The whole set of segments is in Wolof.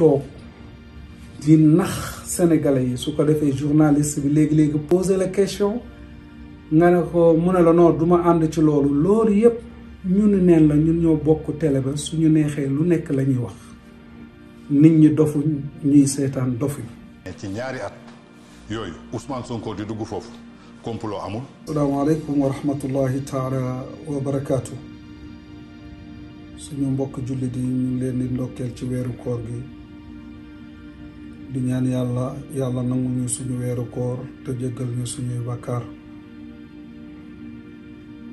toog di nax sénégalais yi su ko defee journaliste bi léegi-léegi poser la question nga ne ko mu ne la non du ma ànd ci loolu loolu yëpp ñun neen la ñun ñoo bokk télé ba suñu neexee lu nekk lañuy wax nit ñi dofuñ ñuy seetaan dofuñ ci ñaari at yooyu Ousmane Sonko di dugg foofu complot amul asalaamaaleykum wa rahmatullahi taala wa barakaatu suñu mbokk julli yi ñu leen di ndokkeel ci weeru koor gi di ñaan yàlla yàlla nangu ñu suñu weeru koor te jéggal ñu suñuy bàkkaar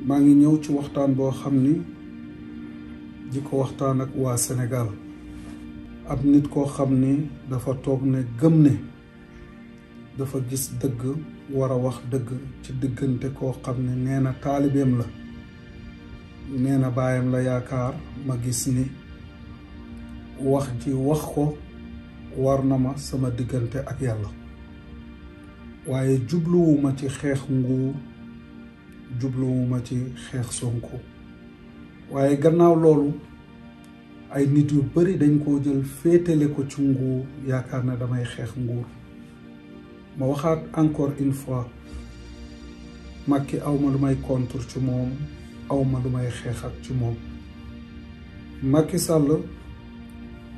maa ngi ñëw ci waxtaan boo xam ni di ko waxtaan ak waa senegaal ab nit koo xam ne dafa toog ne gëm ne dafa gis dëgg war a wax dëgg ci diggante koo xam ne nee na taalibeem la nee na baayam la yaakaar ma gis ni wax ji wax ko war na ma sama diggante ak yàlla waaye jubluwuma ci xeex nguur jubluwuma ci xeex Sonko waaye gannaaw loolu ay nit yu bari dañ koo jël féetale ko ci nguur yaakaar na damay xeex nguur ma waxaat encore une fois Macky awma lu may ci moom awma lu Sall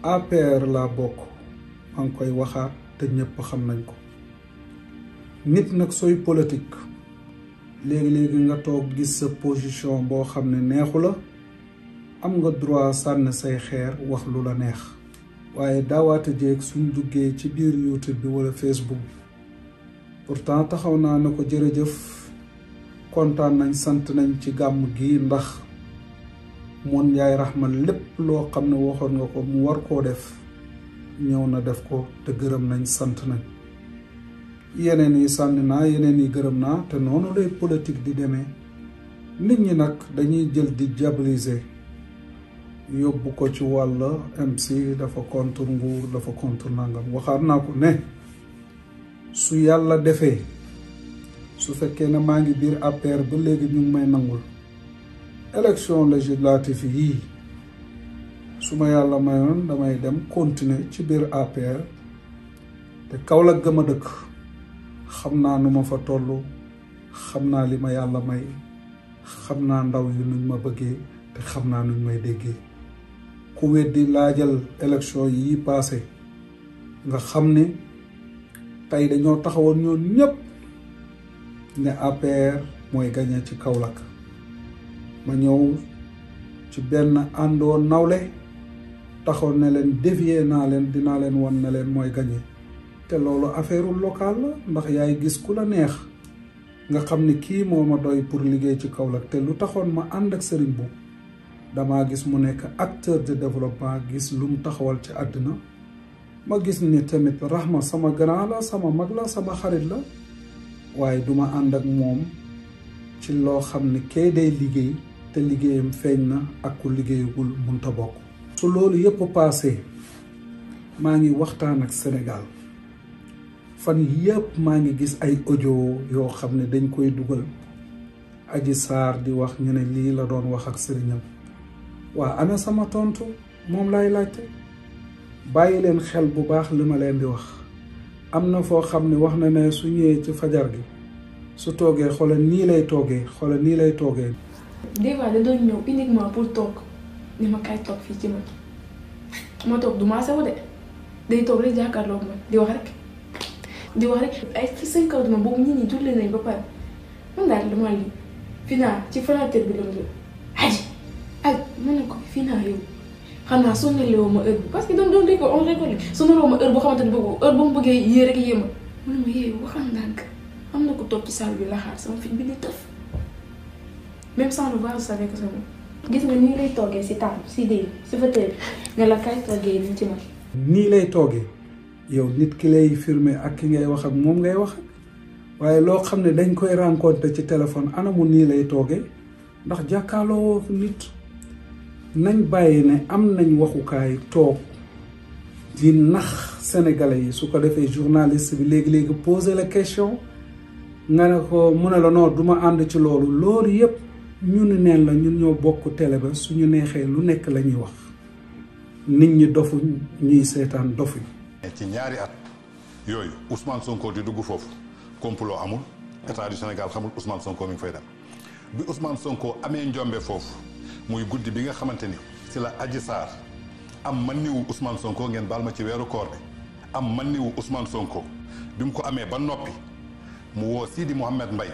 APR laa bokk a koy waxaat te ñëpp xam nañ ko nit nag sooy politique léegi-léegi nga toog gis sa position boo xam ne neexu la am nga droit sànn say xeer wax lu la neex waaye daawaata jeeg suñ duggee ci biir YouTube bi wala Facebook bi pourtant taxaw naa na ko jërëjëf kontaan nañ sant nañ ci gàmm gi ndax moon yaay raxmal lépp loo xam ne waxoon nga ko mu war koo def ñëw na def ko te gërëm nañ sant nañ yeneen yi sànni naa yeneen yi gërëm naa te noonu lay politique di demee nit ñi nag dañuy jël di diaboliser yóbbu ko ci wàll MC dafa contre nguur dafa contre nangam waxaat naa ko ne su yàlla defee su fekkee ne maa ngi biir APR ba léegi ñu ngi may nangul élection législative yii su ma yàlla mayoon damay dem continuer ci biir APR te Kaolack gëm a dëkk xam naa nu ma fa toll xam naa li ma yàlla may xam naa ndaw yi nuñ ma bëggee te xam naa nuñ may déggee ku weddi laajal élection yi passé nga xam ne tey dañoo taxawoon ñoom ñëpp ne APR mooy gagné ci Kaolack ma ñëw ci benn àndoo nawle taxaw ne leen dévier naa leen dinaa leen wan ne leen mooy gagné te loolu affaire locale la ndax yaay gis ku la neex nga xam ne kii moo ma doy pour liggéey ci Kaolack lu taxoon ma ànd ak Serigne Mboup dama gis mu nekk acteur de développement gis lu mu taxawal ci àddina ma gis ni tamit Rahma sama grand la sama mag la sama xarit la waaye duma ànd ak moom ci loo xam ne kay day liggéey te liggéeyam feeñ na ak ku liggéeyagul munta bokk su loolu yëpp paase maa ngi waxtaan ak Sénégal fan yëpp maa ngi gis ay audio yoo xam ne dañ koy dugal Adji saar di wax ñu ne lii la doon wax ak sëriñam waa ana sama tontu moom lay laajte bàyyi leen xel bu baax li ma leen di wax am na foo xam ne wax na ne su ñëwee ci fajar gi su toogee xoolal nii lay toogee xoolal nii lay toogee. des da doon ñëw uniquement pour toog. ne ma kaay toog fii ci ma ma toog du ma de day toog rek jàkkaarloog ma di wax rek di wax rek ay ci seen kaw dama boobu nit ñi julli nañ ba pare man daal dama lii finaa ci fenêtre bi la mu jël ay mané ma ne ko finaa yow xanaa sonalewoo ma heure bi parce que don don rek on récolte sonalewoo ma heure bu xamante ni heure bu mu bëggee yée rek yéma ma mu ne ma yée waxal ndànk am na ko toog ci salle bi la xaar sama fi bi di tëf même sans le voir je savais que c'est moi gis nga nii lay toogee si table si déeg si fauteuil nga la kay toogee nii lay toogee yow nit ki lay filmer ak ki ngay wax ak moom ngay wax waaye loo xam ne dañ koy rencontré ci téléphone anamu nii lay toogee ndax jàkkaarloo nit nañ bàyyi ne am nañ waxukaay toog di nax sénégalais yi su ko defee journaliste bi léegi-léegi poser la question nga ne ko mu ne la noo du ma ànd ci loolu loolu yépp ñun neen la ñun ñoo bokk télé ba suñu neexee lu nekk la ñuy wax nit ñi dofuñ ñuy seetaan dofuñ ci ñaari at yooyu Ousmane Sonko di dugg foofu complot amul état du Sénégal xamul usmaan Sonko mi ngi fay dem bi Ousmane Sonko amee njombe foofu muy guddi bi nga xamante ni si la Adji Sarr am man niwu usmaan Sonko ngeen baal ma ci weeru koor bi am man niwu usmaan Sonko bi mu ko amee ba noppi mu woo Sidi Mouhamed Mbaye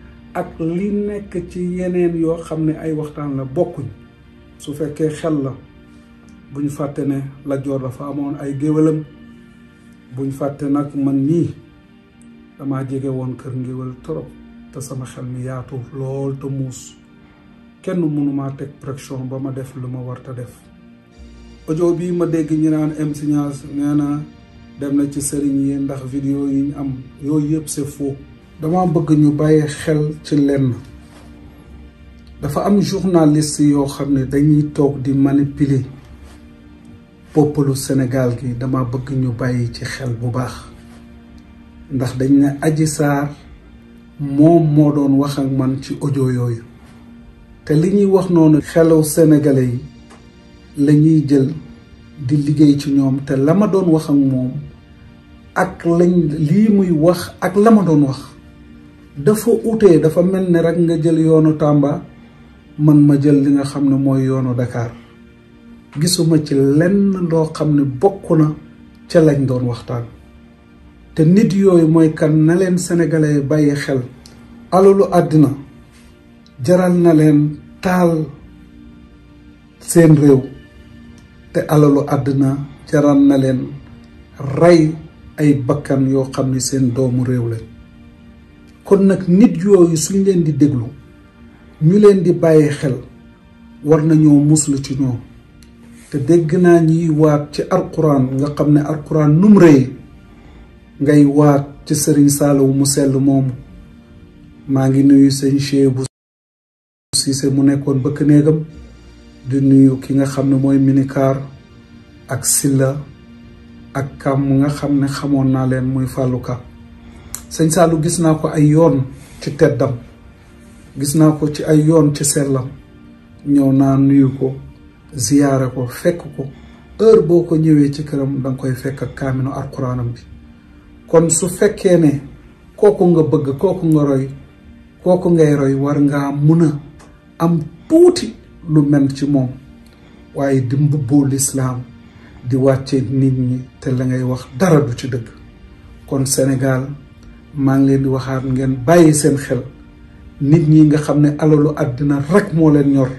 ak li nekk ci yeneen yoo xam ne ay waxtaan la bokkuñ su fekkee xel la buñ fàtte ne la Joor dafa amoon ay géwélam buñ fàtte nag man nii damaa jege woon kër ngéwél trop te sama xel mi yaatu lool te muus kenn mënuma teg pression ba ma def lu ma warta def audio bii ma dégg ñu naan MC Niass nee dem na ci sëriñ yi ndax vidéo yi ñu am yooyu yëpp c'est faux dama bëgg ñu bàyyi xel ci lenn dafa am journalist yoo xam ne dañuy toog di manipuler poppalu Sénégal gi dama bëgg ñu bàyyi ci xel bu baax ndax dañ ne aji Sarr moom moo doon wax ak man ci audio yooyu te li ñuy wax noonu xelaw sénégalais yi lañuy jël di liggéey ci ñoom te la ma doon wax ak moom ak lii muy wax ak la ma doon wax dafa utee dafa mel ni rek nga jël yoonu Tamba man ma jël li nga xam ne mooy yoonu dakaar gisuma ci lenn doo xam ne bokk na ca lañ doon waxtaan te nit yooyu mooy kan na leen sénégalais bàyyi xel alalu àddina jaral na leen taal seen réew te alalu àddina jaral na leen rey ay bakkan yoo xam ne seen doomu réew lañ kon nak nit yoyu suñ leen di Deglu, ñu leen di baye xel war nañu muslu ci ñoo te degg na ñi waat ci alquran nga xamne alquran num reey ngay waat ci sëriñ salaw mu sel mom ma ngi nuyu sëñ si se mu nekkon bëkk neegam di nuyu ki nga xamne moy minikar ak silla ak kam nga xamne xamona len muy sëñ Saalu gis naa ko ay yoon ci teddam gis naa ko ci ay yoon ci sellam ñëw naa nuyu ko ziyaare ko fekk ko heure boo ko ñëwee ci këram danga koy fekk ak kaaminu alxuraanam bi kon su fekkee ne kooku nga bëgg kooku nga roy kooku ngay roy war ngaa mun a am tuuti lu mel ci moom waaye di mbubboo lislaam di wàcce nit ñi te la ngay wax dara du ci dëgg kon Sénégal maa ngi leen di waxaat ngeen bàyyi seen xel nit ñi nga xam ne alalu rek moo leen ñor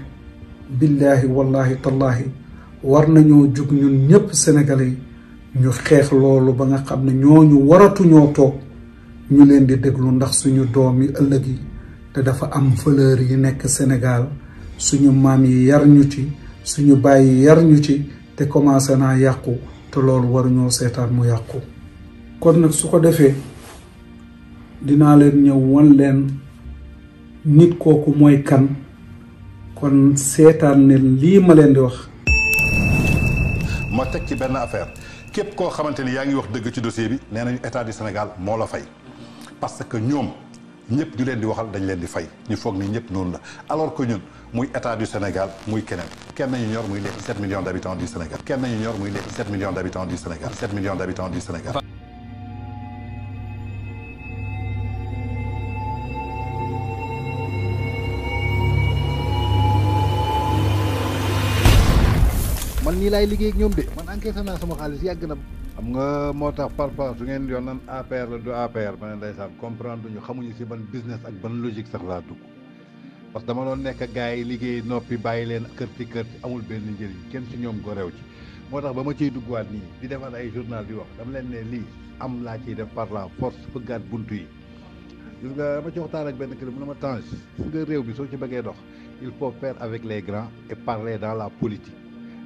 billahi wallahi tallahi war nañoo jug ñun ñëpp sénégalais ñu xeex loolu ba nga xam ne ñooñu ñoo toog ñu leen di déglu ndax suñu doom yi ëllëg yi te dafa am valeur yi nekk Sénégal suñu maam yi yar ñu ci suñu bàyyi yar ñu ci te commencé naa yàqu te loolu waruñoo seetaan mu yàqu kon nag su ko dinaa leen ñëw wan leen nit kooku mooy kan kon seetaan ne lii ma leen di wax. ma teg ci benn affaire képp koo xamante ni yaa ngi wax dëgg ci dossier bi nee nañu état du Sénégal moo la fay parce que ñoom ñëpp ñu leen di waxal dañ leen di fay ñu foog ni ñëpp noonu la alors que ñun muy état du Sénégal muy keneen kenn ñu ñor muy les 7 millions d' habitants du Sénégal kenn ñu ñor muy les 7 millions d' habitants du Sénégal 7 millions d' habitants du Sénégal. nii laay liggéey ak ñoom de man encaissé naa sama xaalis yàgg na. xam nga moo tax par par su ngeen yoon nan APR la du APR ma ne ndeysaan comprendre ñu xamuñu si ban business ak ban logique sax laa dugg parce que dama doon nekk gars yi liggéey noppi bàyyi leen kër ci kër ci amul benn njëriñ kenn si ñoom ko gorew ci moo tax ba ma ciy duggaat nii di defar ay journal di wax dama leen ne lii am laa ciy def par la force fëggaat bunt yi gis nga dama ci waxtaan benn kër mu ma Tange réew bi soo ci bëggee dox il faut faire avec les grands et parler dans la politique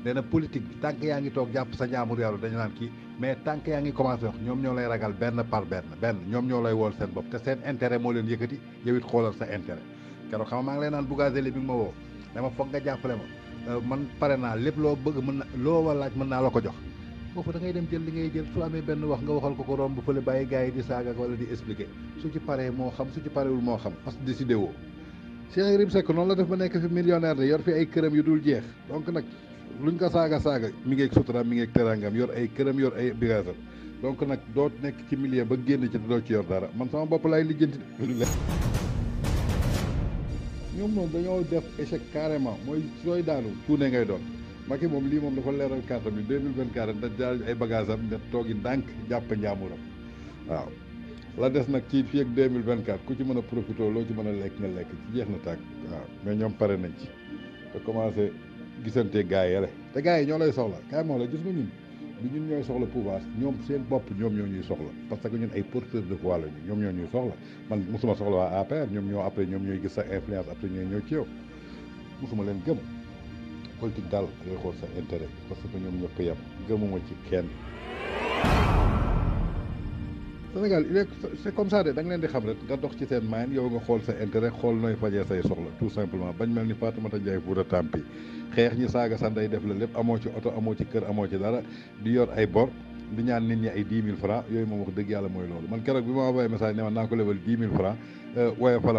nee na politique bi tànk yaa ngi toog jàpp sa njaamur yàlla dañu naan kii mais tànk yaa ngi commencé wax ñoom ñoo lay ragal benn par benn benn ñoom ñoo lay wool seen bopp te seen intérêt moo leen yëkkati yow xoolal sa intérêt keroog xam nga maa ngi lay naan Bougazelli ma woo dama foog nga jàppale ma euh, man pare naa lépp loo bëgg mën na loo war laaj mën naa la ko jox foofu da ngay dem jël li ngay jël su amee benn wax nga waxal ko ko romb fële bàyyi gars yi di saaga wala di expliquer su ci paree moo xam su ci xam parce que décidé woo Cheikh Yérim nekk fi millionnaire de yor yu dul jeex donc nag lu luñ ko saaga saaga mi ngi ak suturaam mi ngi ak teraangam yor ay këram yor ay bagaasam donc nag doo nekk ci milieu ba génn ci doo ci yor dara man sama bopp laay lijjanti ñoom moom dañoo def échec carrément mooy sooy daanu tuune ngay doon Macky moom lii moom dafa leeral carte bi 2024 da daal ay bagages am nga toogi ndànk jàpp njaamuram waaw la des nag ci mille ak 2024 ku ci mën a profité loo ci mën a lekk nga lekk ci jeex na tàkk waaw mais ñoom pare nañ ci te commencé gisante gars yi te gars yi ñoo lay soxla kaay moo la gis nga ñun du ñun ñooy soxla pouvoir ñoom seen bopp ñoom ñoo ñuy soxla parce que ñun ay porteurs de voix lañu ñoom ñoo ñuy soxla man mosuma soxla waa APR ñoom ñoo après ñoom ñoo gis sa influence après ñooy ñëw ci yow mosuma leen gëm politique daal ngay xool sa intérêt parce que ñoom ñëpp yem gëmuma ci kenn Sénégal il est c' est comme ça de da nga leen di xam rek nga dox ci seen main yow nga xool sa intérêt xool nooy fajee say soxla tout simplement bañ mel ni Fatoumata Ndiaye def la lépp amoo ci oto amoo ci kër ci dara di yor ay bor di ñaan nit ñi ay dix mille francs yooyu moom wax dëgg yàlla ko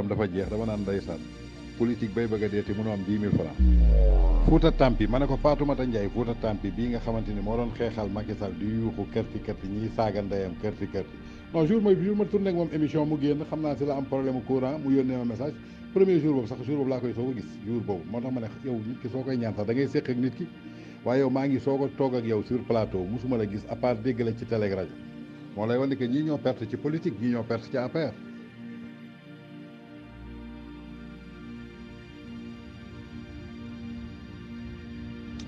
euh, a deeti Fuuta Tampi ma ne ko Fatoumata Ndiaye Fuuta Tampi bii nga xamante ni moo doon xeexal Macky saa di yuuxu kër ci kër saaga ndeyam kër ci non jour mooy jour ma tourné ak moom émission mu génn xam naa si la am problème courant mu yónnee ma message premier jour boobu sax jour boobu laa koy soog a gis jour boobu moo tax ma ne yow nit ki soo koy ñaan sax da ngay ak nit ki waaye yow maa ngi soog a toog ak yow sur plateau musuma la gis à part dégg la ci télé rajo moo lay wane que ñii ñoo perte ci politique ñii ñoo perte ci APR.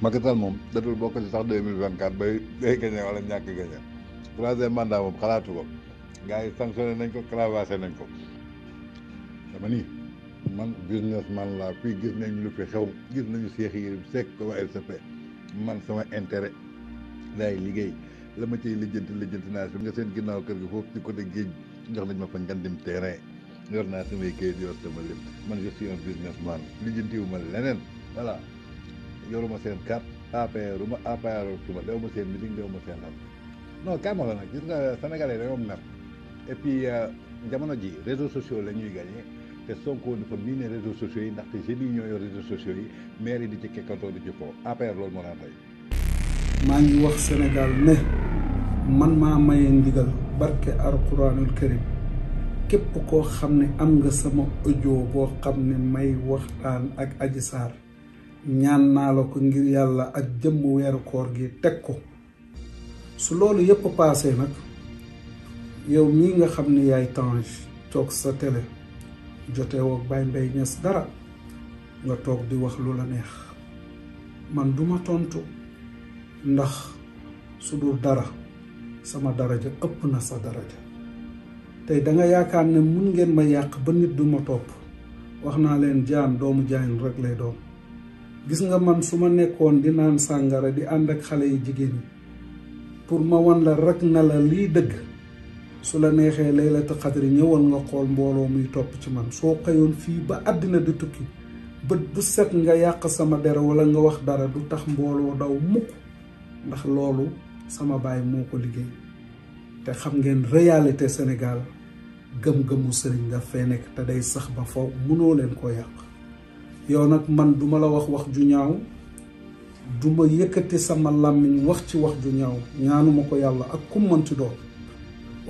Macky Sall moom datul bokk ci sax 2024 bay day gañe wala ñàkk gañe troisième mandat moom xalaatu ko gars yi sanctionné nañ ko cravaché nañ ko dama ni man businessman laa fii gis nañ lu fi xew gis nañu Cheikh Yérim Seck waaye sa fe man sama intérêt laay liggéey la ma ciy lijjanti lijjanti naa si nga seen ginnaaw kër gi foofu ci côté géej jox nañ ma fa ngandim terrain yor naa samay kayit yor sama lépp man je suis un businessman lijjantiwu ma leneen voilà yoruma seen carte APR uma APR tuma dew ma seen meeting dew ma seen lan non kaay ma la nag gis nga sénégalais et puis euh, jamono ji réseaux sociaux la ñuy gagné te Sonko dafa miine réseaux sociaux yi ndaxte jeunes yi ñoo yor sociaux yi maire yi di ci kekkantoo di ci fo APR loolu moo daan rey. maa ngi wax senegal ne man ma maye ndigal barke alquranul karim képp ko xam ne am nga sama audio boo xam ne may waxtaan ak Adji Sarr ñaan naa la ko ngir yàlla ak jëmm weeru koor gi teg ko su loolu yëpp paase nag. yow mii nga xam ni yaay Tange toog sa télé jotewoo ak Baye Mbaye dara nga toog di wax lu la neex man duma tontu ndax su dul dara sama daraja ëpp na sa daraja tey danga yaakaar ne mun ngeen ma yàq ba nit du ma topp wax naa leen jaan doomu jaan rek lay doom gis nga man su ma nekkoon di naan sàngara di ànd ak xale yi jigéen ñi pour ma wan la rek na la lii dëgg su la neexee laylatu xadri ñëwal nga xool mbooloo muy topp ci man soo xëyoon fii ba àddina di tukki bët bu set nga yàq sama der wala nga wax dara du tax mbooloo daw mukk ndax loolu sama baay moo ko liggéey te xam ngeen réalité Sénégal gëm-gëmu sëriñ nga fee nekk te day sax ba faw mënoo leen ko yàq yow nag man duma la wax wax ju ñaaw duma yëkkati sama làmmiñ wax ci wax ju ñaaw ñaanuma ko yàlla ak kum man ci doon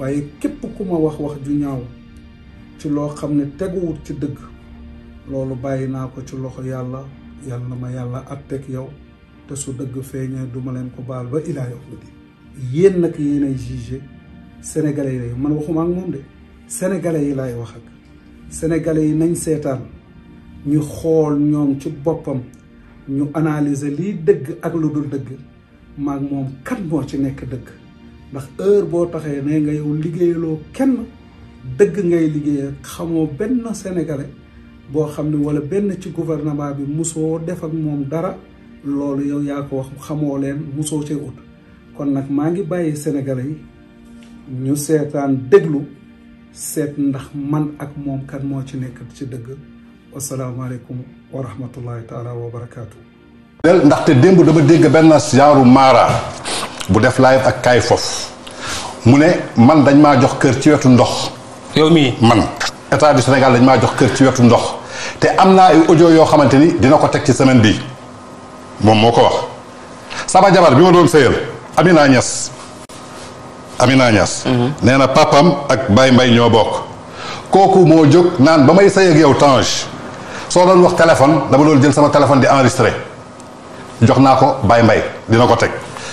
waaye képp ku ma wax wax ju ñaaw ci loo xam ne teguwut ci dëgg loolu bàyyi naa ko ci loxo yàlla yàlla na ma yàlla àtteeg yow te su dëgg feeñee duma leen ko baal ba ilaa yow di yéen nag yéenay yi lay man waxuma ak moom de sénégalais yi laay wax ak sénégalais yi nañ seetaan ñu xool ñoom ci boppam ñu analyser liy dëgg ak lu dul dëgg maag moom kat moo ci nekk dëgg ndax heure boo taxee ne nga yow liggéeyaloo kenn dëgg ngay liggéeyal xamoo benn sénégalais boo xam ne wala benn ci gouvernement bi musoo def ak moom dara loolu yow yaa ko wax xamoo leen musoo cee ut kon nag maa ngi bàyyi sénégalais yi ñu seetaan déglu seet ndax man ak moom kan moo ci nekk ci dëgg wasalaamaaleykum wa rahmatullahi taala wa barakaatu. ndaxte démb dama dégg benn genre maara. bu def laay ak kaay foofu mu ne man dañ maa jox kër ci wetu ndox. yow mii man état du Sénégal dañ maa jox kër ci wetu ndox te am naa ay ojo yoo xamante ni dina ko teg ci semaine bii moom moo ko wax. sama jabar bi ma doon sëyal Amina Niass Amina Niass. Mhm. nee na papam ak Baye mbay ñoo bokk. kooku moo jóg naan ba may sëy ak yow Tange soo doon wax téléphone dama doon jël sama téléphone di enregistré jox naa ko Baye mbay dina ko teg.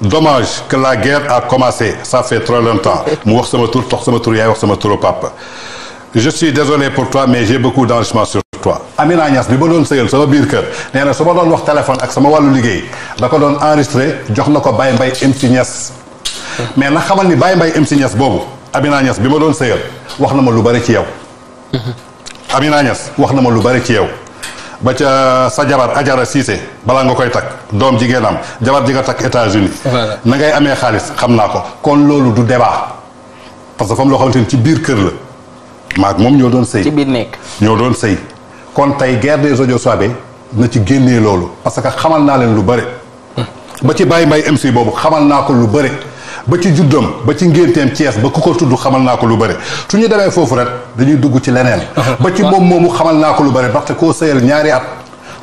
dommage que la guerre a commencé ça fait trop longtemps mu wax sama tur tox sama tur yaay wax sama turu papa je suis désolé pour toi mais j'ai beaucoup d'enrichissement sur toi Amina Niass bi ma doon sëyal sama biir kër nee na su doon wax téléphone ak sama wàllu liggéey da ko doon enregistré jox na ko Baye Mbaye MC Niass mais na xamal ni Baye Mbaye MC Niass boobu Amina Niass bi ma doon sëyal wax na ma lu bari ci yow mhm. Amina Niass wax na ma lu bari ci yow ba ca sa jabar ajara siise balaa nga koy takk doom jigéenam jabar ji nga takk États-Unis na ngay amee xaalis xam naa ko kon loolu du debaa parce que fam loo xamante ni ci biir kër la maag moom ñoo doon sëy ci biir nekk ñoo doon sëy kon tey guerre des audio soabe na ci génnee loolu parce que xamal naa leen lu bëri hmm. ba ci bàyyi mbay MC boobu xamal naa ko lu bëri ba ci juddam ba ci ngentem Cees ba kuko tuddu xamal naa ko lu bare suñu dawe fofu foofu rek dañuy dugg ci leneen ba ci mom momu xamal naa ko lu bare ndaxte ko sëyal ñaari at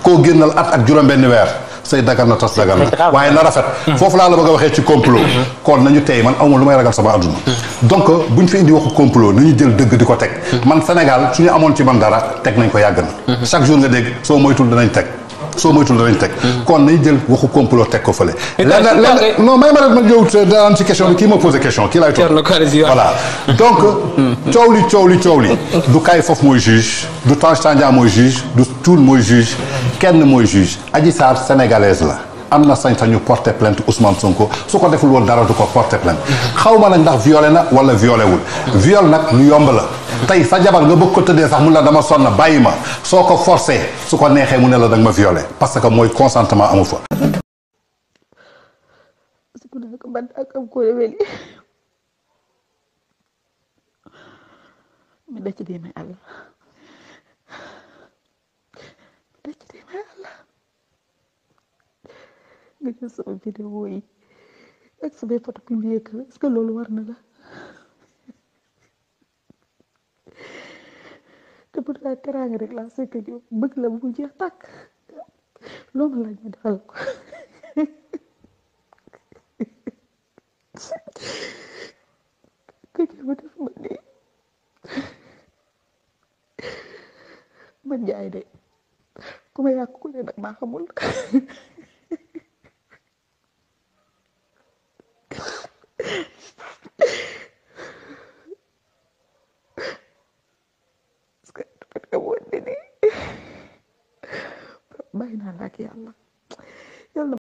ko génnal at ak juróom-benn weer say dagal na tas dagal na waaye na rafet fofu la la bëgg waxe ci complot kon nañu tey man amu lu may ragal sama aduna donc buñ fi indi waxu complot nañu jël deug diko tek man Sénégal suñu amon ci man dara tek nañ ko yàgg na chaque jour nga deg so moytul dañ tek soo moytul danañ teg hmm. kon nañ jël waxu complot teg ko fële lenn non may ma rek ma ñëw daan ci question bi kii ma posé question kii laay toog voilà donc hmm. coow li coow li coow li du kay foofu mooy juge du Tange Tandian mooy juge du Thioune mooy juge kenn mooy juge Adji Sarr sénégalaise la am na sañ-sañu porter plainte Ousmane Sonko su ko deful woon dara du ko porte plainte hmm. xaw ma nag ndax violé na wala violé wul viol nag lu yomb la tey sa jabar nga bëgg ko tëddee sax mun la dama sonn bàyyi ma soo ko forcé su ko neexee mu ne la danga ma violé parce que mooy consentement amu fa. mi dacci dee may allah mi dacci dee may allah nga jël sama vidéo yi ak samay photo publier est-ce que loolu war na la Tepatlah terang relaksa kejut Begitulah bunyi atak Lo malah nyadal Kejut betul mandi Menjai dek Kau main aku kulit nak makan parce que boo déggee na naa la ak